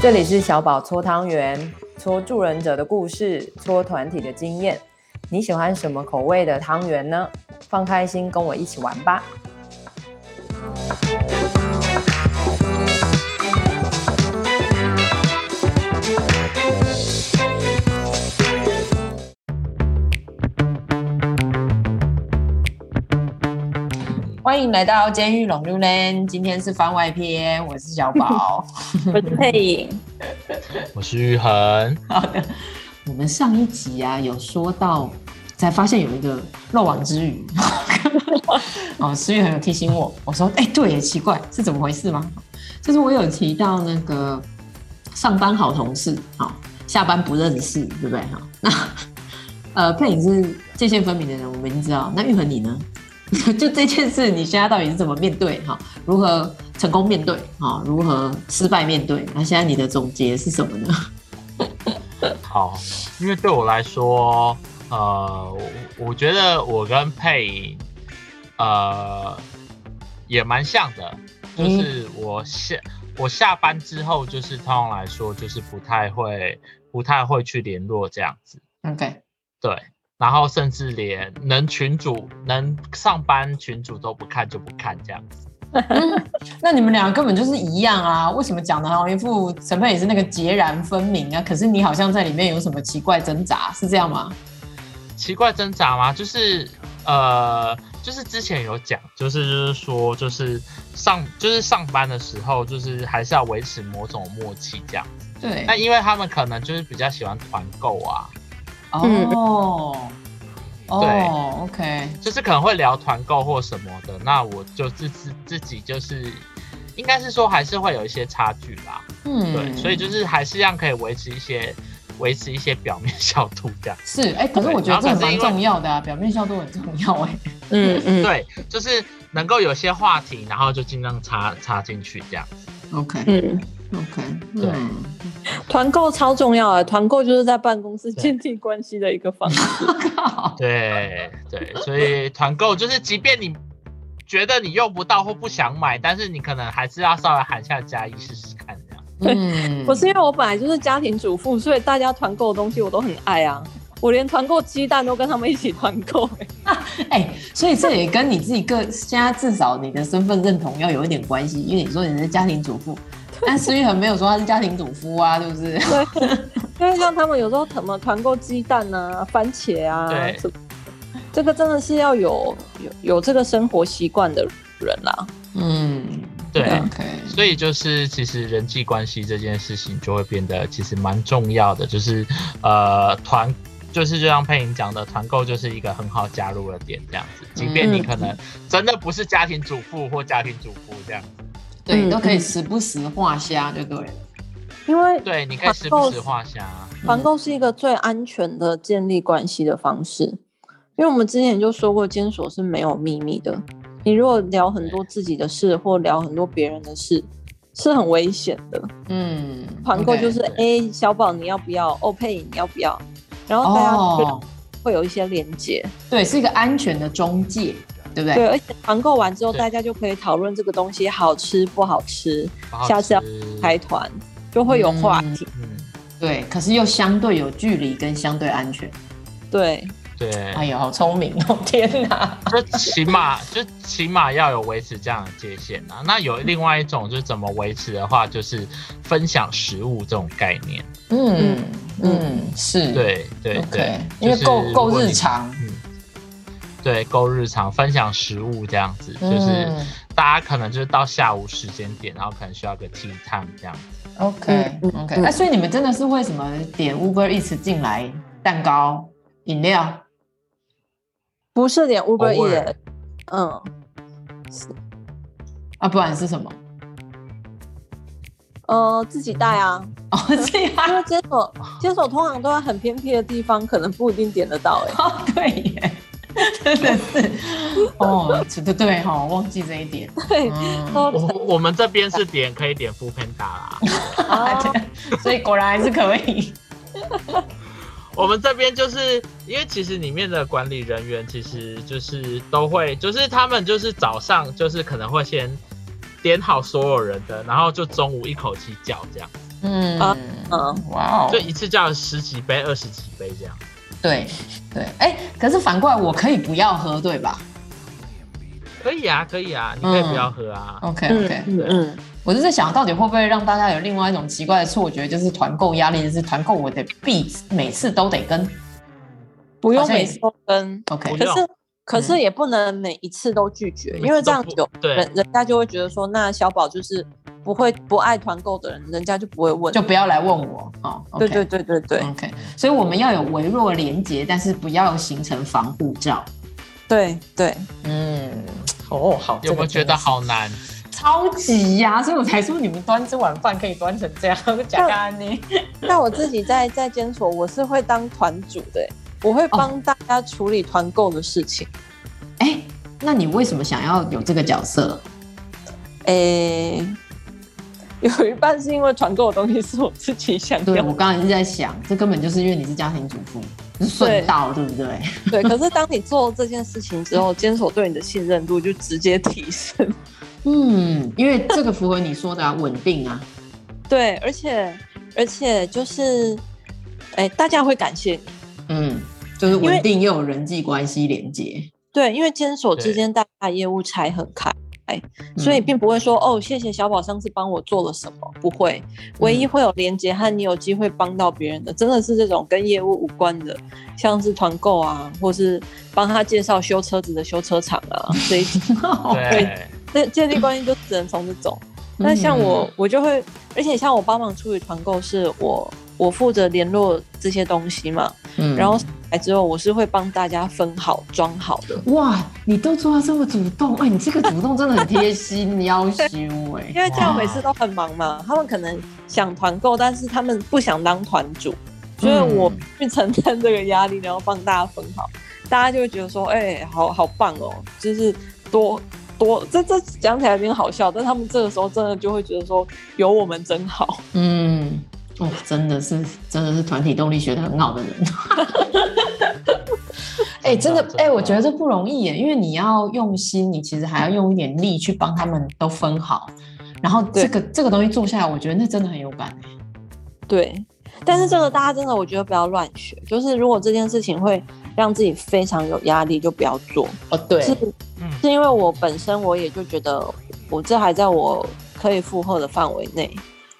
這裡是小寶搓湯圓、搓助人者的故事，搓團體的經驗。你喜歡什麼口味的湯圓呢？放開心，跟我一起玩吧。歡迎來到監獄浪流漣，今天是番外篇，我是小寶， 是配 我是佩影，我是玉恆。我們上一集啊，有說到才發現有一個漏網之魚。 哦，思玉恆有提醒我，我說哎、欸，對，也奇怪，是怎麼回事嗎？就是我有提到那個上班好同事，好下班不認識，對不對？哈，那呃，佩影是界限分明的人，我們已經知道。那玉恆你呢？ 就這件事，你現在到底是怎麼面對？哈，如何成功面對？哈，如何失敗面對？那、啊、現在你的總結是什麼呢？好， 因為對我來說，呃，我我覺得我跟佩，呃，也蠻像的，就是我下我下班之後，就是通常來說，就是不太會不太會去聯絡這樣子。OK，對。然後，甚至連能群組、能上班群組都不看，就不看這樣 那你們兩個根本就是一樣啊？為什麼講得還一副陳佩也是那個截然分明啊？可是你好像在裡面有什麼奇怪的掙扎，是這樣嗎？奇怪掙扎嗎？就是呃，就是之前有講，就是就是說，就是上就是上班的時候，就是還是要維持某種默契這樣。對。那因為他們可能就是比較喜歡團購啊。 哦， 對哦，OK，就是可能會聊團購或什麼的，那我就自自自己就是，應該是說還是會有一些差距啦，嗯，對，所以就是還是讓可以維持一些維持一些表面效度這樣，是，哎、欸，可是我覺得這是很重要的啊，表面效度很重要、欸，哎，嗯嗯，對，就是能夠有些話題，然後就盡量插插進去這樣 OK 嗯，OK，對。嗯對團購超重要啊！團購就是在辦公室建立關係的一個方式。對 對，對，所以團購就是，即便你覺得你用不到或不想買，但是你可能還是要稍微喊下加一試試看這樣。對，不是因為我本來就是家庭主婦，所以大家團購的東西我都很愛啊。我連團購雞蛋都跟他們一起團購。哎、啊欸，所以這也跟你自己個現在至少你的身份認同要有一點關係，因為你說你是家庭主婦。 但是玉恆沒有說他是家庭主夫啊，對、就、不、是、對？對， 因為像他們有時候什麼團購雞蛋啊、番茄啊，對，這、這個真的是要有有有這個生活習慣的人啦、啊。嗯，對，okay. 所以就是其實人際關係這件事情就會變得其實蠻重要的，就是呃團，就是就像佩瑩講的，團購就是一個很好加入的點這樣子，即便你可能真的不是家庭主婦或家庭主婦這樣子。對，你都可以時不時畫蝦，就對了。因為對，你可以時不時畫蝦。團購是一個最安全的建立關係的方式，嗯、因為我們之前就說過，監所是沒有祕密的。你如果聊很多自己的事，或聊很多別人的事，是很危險的。嗯，團購就是，哎、okay, 欸，小寶你要不要？哦，佩你要不要？然後大家會有一些連接，哦、對，是一個安全的中介。對不對，對？而且團購完之後，大家就可以討論這個東西好吃不好吃，下次要開團就會有話題嗯。嗯，對，可是又相對有距離跟相對安全。對對。哎呦，好聰明哦！天哪，就起碼就起碼要有維持這樣的界限啊。那有另外一種，就是怎麼維持的話，就是分享食物這種概念。嗯嗯，是對對、okay. 對、就是，因為夠夠日常。對，夠日常分享食物這樣子，嗯、就是大家可能就是到下午時間點，然後可能需要個 tea time 這樣子。OK，OK、okay, okay, 哎，嗯嗯啊，所以你們真的是為什麼點 Uber Eats 進來？蛋糕、飲料，不是點 Uber Eats。嗯是，啊，不然是什麼？呃，自己帶啊。哦，自己帶，因為接手接手通常都在很偏僻的地方，可能不一定點得到，欸。哎、oh，對耶。 真的是哦，對對對，哈、哦，忘記這一點，嗯、對。我我們這邊是點可以點 foodpanda 啦，啊、 所以果然還是可以。我們這邊就是因為其實裡面的管理人員其實就是都會，就是他們就是早上就是可能會先點好所有人的，然後就中午一口氣叫這樣。嗯嗯，哇哦，就一次叫十幾杯、二十幾杯這樣。對對，哎、欸，可是反過來我可以不要喝，對吧？可以啊，可以啊，你可以不要喝啊。OK、嗯、OK，嗯，嗯嗯，我就是在想到底會不會讓大家有另外一種奇怪的錯覺，就是團購壓力，就是團購我得必每次都得跟，不用每次都跟。OK，可是。可是也不能每一次都拒絕，嗯、因為這樣就人人家就會覺得說，那小寶就是不會不愛團購的人，人家就不會問，就不要來問我哦。對對對對對，OK, okay.。Okay. 所以我們要有微弱連接，但是不要形成防護罩。對對，嗯，哦好。有沒有覺得好難？超級呀、啊！所以我才說你們端這碗飯可以端成這樣，幹呢。那 我自己在在監所，我是會當團主的、欸。我會幫大家處理團購的事情。哎、哦欸，那你為什麼想要有這個角色？哎、欸，有一半是因為團購的東西是我自己想的。對，我剛才是在想，這根本就是因為你是家庭主婦，就是順道對，對不對？對。可是當你做這件事情之後，堅守對你的信任度就直接提升。嗯，因為這個符合你說的穩、啊、 定啊。對，而且而且就是，哎、欸，大家會感謝你。嗯，就是穩定又有人際關係連接。對，因為監所之間大家業務拆很開，所以並不會說、嗯、哦，謝謝小寶上次幫我做了什麼。不會，唯一會有連接和你有機會幫到別人的，真的是這種跟業務無關的，像是團購啊，或是幫他介紹修車子的修車廠啊這一種。對，那建立關係就只能從這種。那、嗯、像我，我就會，而且像我幫忙處理團購，是我。我負責聯絡這些東西嘛，嗯，然後上來之後我是會幫大家分好裝好的。哇，你都做到這麼主動！哎，你這個主動真的很貼心， 你要修人，欸。因為這樣每次都很忙嘛，他們可能想團購，但是他們不想當團主，所以我去承擔這個壓力，然後幫大家分好，嗯，大家就會覺得說，哎，好好棒哦，就是多多這這講起來有點好笑，但他們這個時候真的就會覺得說，有我們真好，嗯。哦，真的是，真的是團體動力學得很好的人。哎、 欸，真的，哎、欸，我覺得這不容易耶，因為你要用心，你其實還要用一點力去幫他們都分好。然後這個這個東西做下來，我覺得那真的很有感。對，但是這個大家真的，我覺得不要亂學。就是如果這件事情會讓自己非常有壓力，就不要做。哦，對，是，是因為我本身我也就覺得我這還在我可以負荷的範圍內，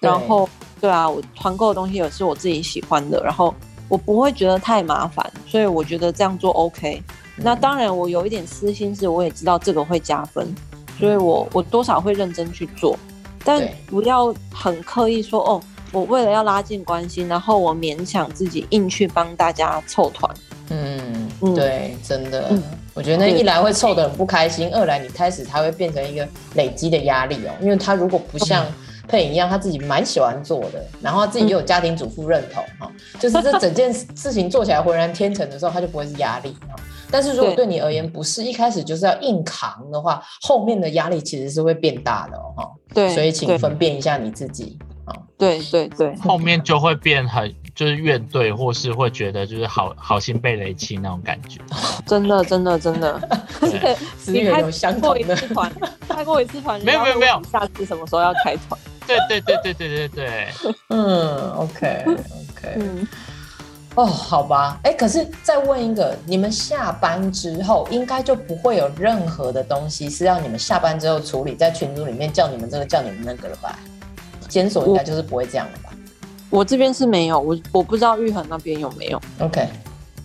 然後。對啊，我團購的東西也是我自己喜歡的，然後我不會覺得太麻煩，所以我覺得這樣做 OK。那當然，我有一點私心是，我也知道這個會加分，所以我我多少會認真去做，但不要很刻意說哦，我為了要拉近關係，然後我勉強自己硬去幫大家湊團。嗯，對，真的，嗯、我覺得那一來會湊得很不開心，二來你開始它會變成一個累積的壓力哦、喔，因為它如果不像。配一樣，他自己蠻喜歡做的，然後他自己也有家庭主婦認同、嗯哦、就是這整件事情做起來渾然天成的時候，他就不會是壓力、哦、但是如果對你而言不是，一開始就是要硬扛的話，後面的壓力其實是會變大的、哦、對，所以請分辨一下你自己。對、哦、對對，對，後面就會變很就是怨懟，或是會覺得就是好好心被雷劈那種感覺。真的真的、okay. 真的，真的 okay. Okay. 有開過一次團，開過一次團，次團沒有沒有沒有，下次什麼時候要開團？對對對對對對對、 嗯，嗯，OK OK，哦，好吧，哎、欸，可是再問一個，你們下班之後應該就不會有任何的東西是要你們下班之後處理，在群組裡面叫你們這個叫你們那個了吧？監所應該就是不會這樣了吧？我,我這邊是沒有，我我不知道玉衡那邊有沒有，OK，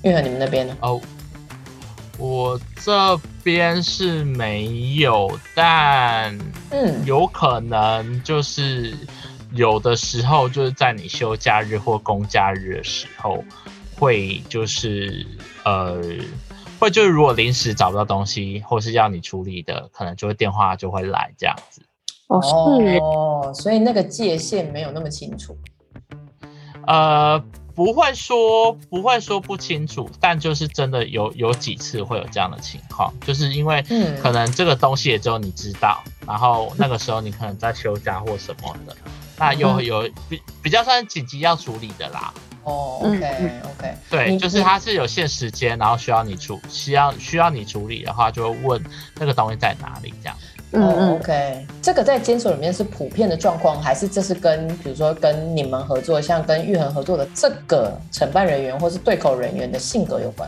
玉衡你們那邊呢？哦、oh.。我這邊是沒有，但嗯，有可能就是有的時候就是在你休假日或公假日的時候，會就是呃，會就是如果臨時找不到東西或是要你處理的，可能就會電話就會來這樣子。哦，是哦，所以那個界限沒有那麼清楚。嗯、呃。不會說，不會說不清楚，但就是真的有有幾次會有這樣的情況，就是因為可能這個東西也只有你知道，然後那個時候你可能在休假或什麼的，那又有，有比比較算緊急要處理的啦。哦，OK，OK，對，就是它是有限時間，然後需要你處需要需要你處理的話，就會問那個東西在哪裡這樣。嗯,嗯、oh,，OK，嗯嗯這個在監所裡面是普遍的狀況，還是這是跟比如說跟你們合作，像跟玉恆合作的這個承辦人員或是對口人員的性格有關？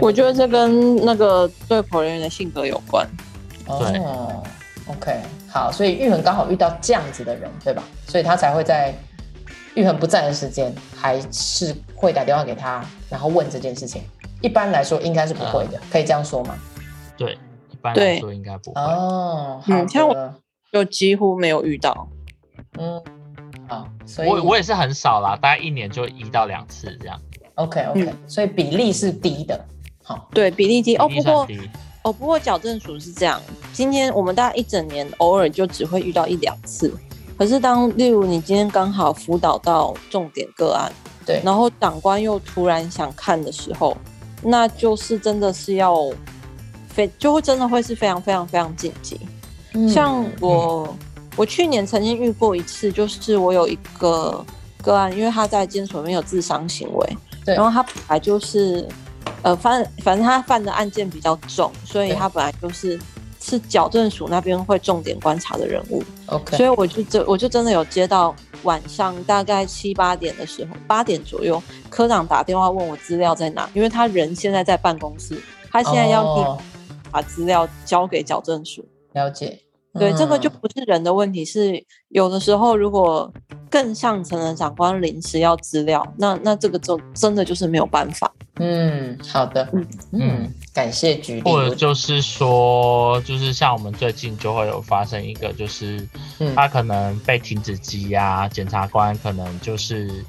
我覺得這跟那個對口人員的性格有關。哦，OK，好，所以玉恆剛好遇到這樣子的人，對吧？所以他才會在玉恆不在的時間，還是會打電話給他，然後問這件事情。一般來說應該是不會的，呃、可以這樣說嗎？對。對，應該不會哦好，嗯，像我，就幾乎沒有遇到。嗯，好，所以我我也是很少啦，大概一年就一到兩次這樣。OK OK，嗯，所以比例是低的。好，對，比例低。比例低哦，哦，比例低哦，不過哦，不過矯正署是這樣，今天我們大概一整年偶爾就只會遇到一兩次。可是當例如你今天剛好輔導到重點個案，對，然後長官又突然想看的時候，那就是真的是要。就會真的會是非常非常非常緊急、嗯，像我、嗯、我去年曾經遇過一次，就是我有一個個案，因為他在監所裡面有自傷行為，然後他本來就是呃，反反正他犯的案件比較重，所以他本來就是是矯正署那邊會重點觀察的人物，OK，所以我就這我就真的有接到晚上大概七八點的時候，八點左右，科長打電話問我資料在哪，因為他人現在在辦公室，他現在要去。Oh. 把資料交給矯正署，了解、嗯。對，這個就不是人的問題，是有的時候如果更上層的長官臨時要資料，那那這個就真的就是沒有辦法。嗯，好的，嗯，嗯，感謝舉例。或者就是說，就是像我們最近就會有發生一個，就是、嗯、他可能被停止羈押，檢察官可能就是。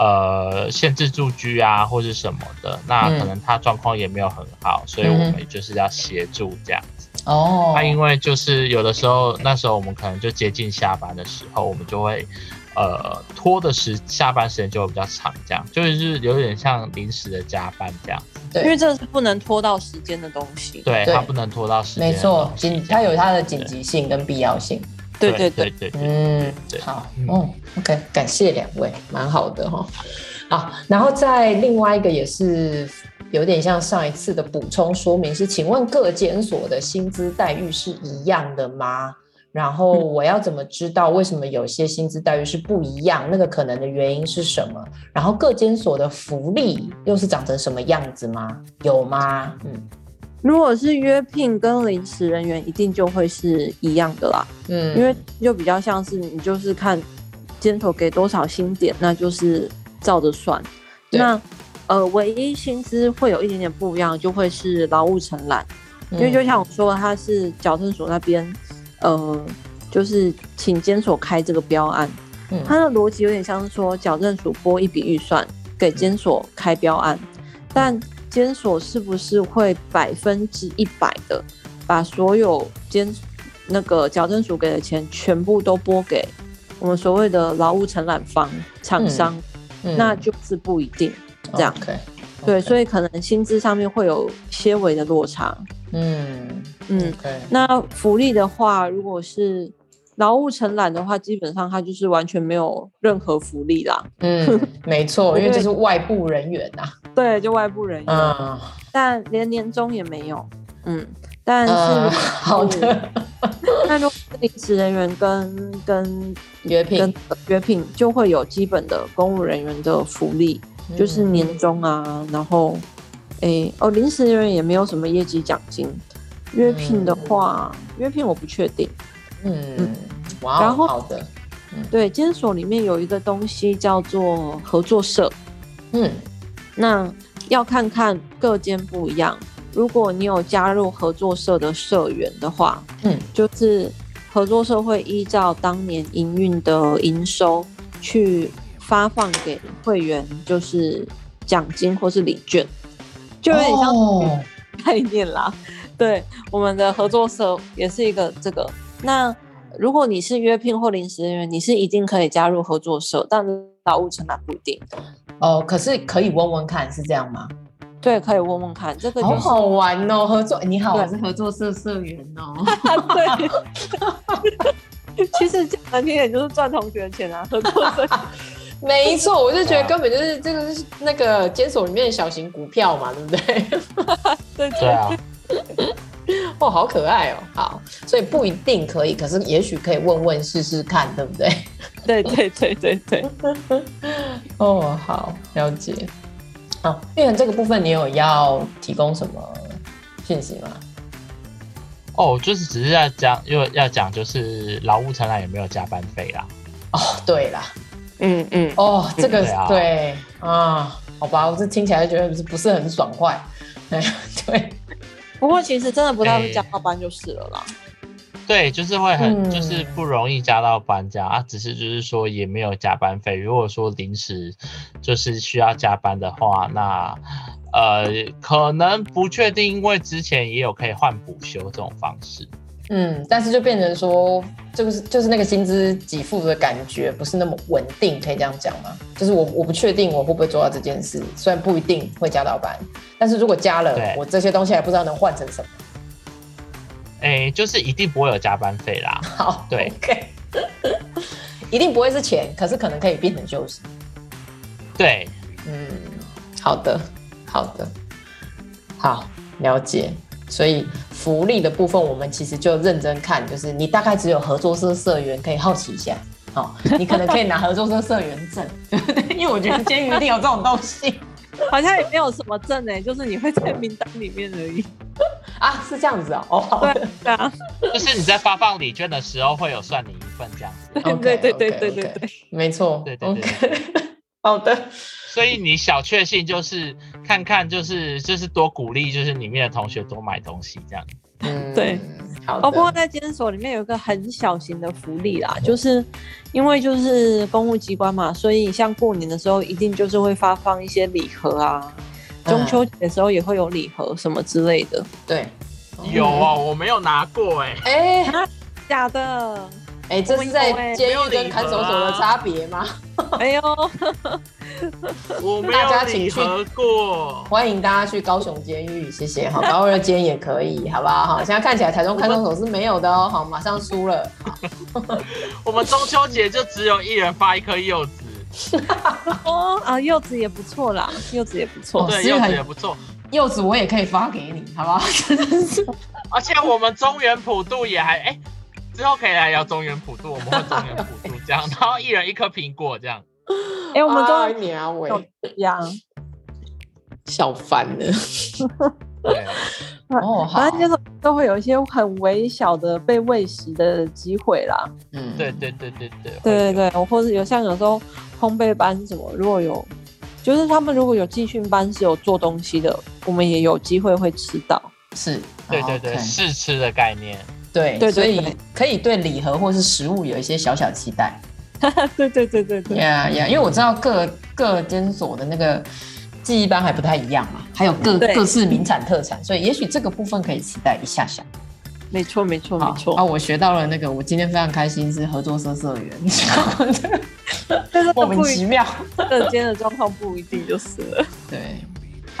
呃，限制住居啊，或是什麼的，那可能他狀況也沒有很好，嗯，所以我們就是要協助這樣子。哦、嗯。他，啊，因為就是有的時候，那時候我們可能就接近下班的時候，我們就會呃拖的時下班時間就會比較長，這樣就是有點像臨時的加班這樣子。對，因為這是不能拖到時間的東西。對，他不能拖到時間。沒錯，緊他有他的緊急性跟必要性。對對對對,對,對,對,對,對對對對嗯，好嗯、哦、，OK，感謝兩位，蠻好的哈。好、啊，然後再另外一個也是有點像上一次的補充說明是，請問各監所的薪資待遇是一樣的嗎？然後我要怎麼知道為什麼有些薪資待遇是不一樣、嗯？那個可能的原因是什麼？然後各監所的福利又是長成什麼樣子嗎？有嗎？嗯。如果是約聘跟臨時人員，一定就會是一樣的啦。嗯，因為就比較像是你就是看監所給多少薪點，那就是照着算。那呃，唯一薪資會有一點點不一樣，就會是勞務承攬、嗯。因為就像我說的，他是矯正所那邊，呃，就是請監所開這個標案。嗯，他的邏輯有點像是說，矯正所撥一筆預算給監所開標案，嗯、但。監所是不是會百分之一百的把所有監那個矯正署給的錢全部都撥給我們所謂的勞務承攬方廠商、嗯嗯？那就是不一定這樣。Okay, okay. 對，所以可能薪資上面會有些微的落差。嗯嗯。Okay. 那福利的話，如果是。勞務承攬的話，基本上他就是完全沒有任何福利啦。嗯，沒錯， 因為這是外部人員啊。對，就外部人員，嗯、但連年終也沒有。嗯，但是，是、呃、好的。那 如果是臨時人員跟跟約聘、跟約聘，呃、就會有基本的公務人員的福利，嗯、就是年終啊，然後哎、欸、哦，臨時人員也沒有什麼業績獎金。約聘的話，約、嗯、約聘我不確定。嗯哇，哦，然後好的，嗯、對，監所裡面有一個東西叫做合作社，嗯，那要看看各間不一樣。如果你有加入合作社的社員的話，嗯，就是合作社會依照當年營運的營收去發放給會員，就是獎金或是禮券，就有點像概念啦。對，我們的合作社也是一個這個。那如果你是約聘或臨時人員，你是一定可以加入合作社，但勞務承攬不一定。哦，可是可以問問看，是這樣嗎？對，可以問問看。這個好、就是哦、好玩哦，合作你好，我是合作社社員哦。對， 其實講難聽點就是賺同學錢啊。合作社員， 沒錯，我就覺得根本就是這個是那個監所裡面的小型股票嘛，對不對？ 對啊。哦對， 好可愛哦，好。所以不一定可以，可是也許可以問問試試看，對不對？對對對對對。 哦，好，了解。好，啊，變成這個部分你有要提供什麼信息嗎？哦，就是只是要講，因為要講就是勞務承攬有沒有加班費啦。哦，對啦。嗯嗯。哦，這個對，啊，對啊。好吧，我這聽起來覺得不是不是很爽快。哎， 對。不過其實真的不太會加班，就是了啦。欸對，就是會很，嗯、就是不容易加到班加啊，只是就是說也沒有加班費。如果說臨時就是需要加班的話，那呃可能不確定，因為之前也有可以換補休這種方式。嗯，但是就變成說，就是就是那個薪資給付的感覺不是那麼穩定，可以這樣講嗎？就是我我不確定我會不會做到這件事，雖然不一定會加到班，但是如果加了，我這些東西還不知道能換成什麼。哎、欸，就是一定不會有加班費啦。好，對、okay. 一定不會是錢，可是可能可以變成休、就、息、是。對，嗯，好的，好的，好，了解。所以福利的部分，我們其實就認真看，就是你大概只有合作社社員可以好奇一下。好、哦，你可能可以拿合作社社員證， 因為我覺得監獄一定有這種東西，好像也沒有什麼證呢、欸，就是你會在名單裡面而已。啊，是這樣子啊、喔，哦、oh,，對啊，就是你在發放禮券的時候，會有算你一份這樣子 okay, okay, okay, okay,，對對對對對對，沒錯，對對對好的，所以你小確幸就是看看就是就是多鼓勵就是裡面的同學多買東西這樣，嗯，對，好的，哦，包括在監所裡面有一個很小型的福利啦，就是因為就是公務機關嘛，所以像過年的時候一定就是會發放一些禮盒啊。嗯、中秋節的時候也會有禮盒什麼之類的，對，有啊，喔嗯，我沒有拿過哎，欸，誒，欸，假的，哎，欸，這是在監獄跟看守所的差別嗎？沒有。我沒有禮盒過，大家請去，歡迎大家去高雄監獄，謝謝哈，高二的監也可以，好不好好，現在看起來台中看守所是沒有的哦，好，馬上輸了，好， 我們中秋節就只有一人發一顆柚子。 哦，柚子也不錯啦，柚子也不錯，哦，對，柚子也不錯。柚子我也可以發給你，好不好？真的是。而且我們中原普渡也還哎，之後可以來聊中原普渡，我們會中原普渡這樣， 然後一人一顆蘋果這樣。哎，我們歡迎年啊，我、哎。喂。這樣。笑翻了。 哦，好，就是都會有一些很微小的被餵食的機會啦。嗯，對對對對對，對，對對，我或是有像有時候烘焙班什麼，如果有，就是他們如果有集訓班是有做東西的，我們也有機會會吃到。是，對對對，oh, okay. 試吃的概念。對、對、對、對、對，所以可以對禮盒或是食物有一些小小期待。哈哈，對對對對對，呀呀，因為我知道各各監所的那個。一般還不太一樣嘛，還有各各式名產特產，所以也許這個部分可以期待一下下。沒錯沒錯沒錯啊！我學到了那個，我今天非常開心，是合作社社員，這、嗯、是 莫名其妙、嗯，今 天的狀況不一定就是了。對。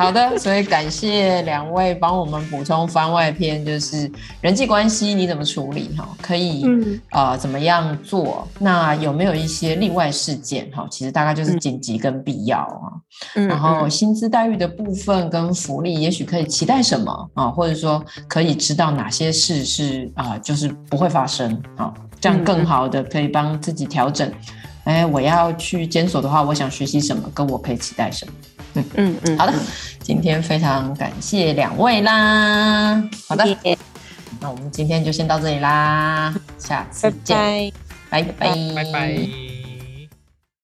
好的，所以感謝兩位幫我們補充番外篇，就是人際關係你怎麼處理哈？可以啊、呃，怎麼樣做？那有沒有一些例外事件哈？其實大概就是緊急跟必要啊。然後薪資待遇的部分跟福利，也許可以期待什麼啊？或者說可以知道哪些事是啊，就是不會發生啊，這樣更好的可以幫自己調整。誒、哎，我要去堅守的話，我想學習什麼，跟我可以期待什麼？嗯嗯嗯，好的，嗯，今天非常感謝兩位啦。嗯，好的，那我們今天就先到這裡啦，下次再見，拜拜，拜拜。拜拜拜拜。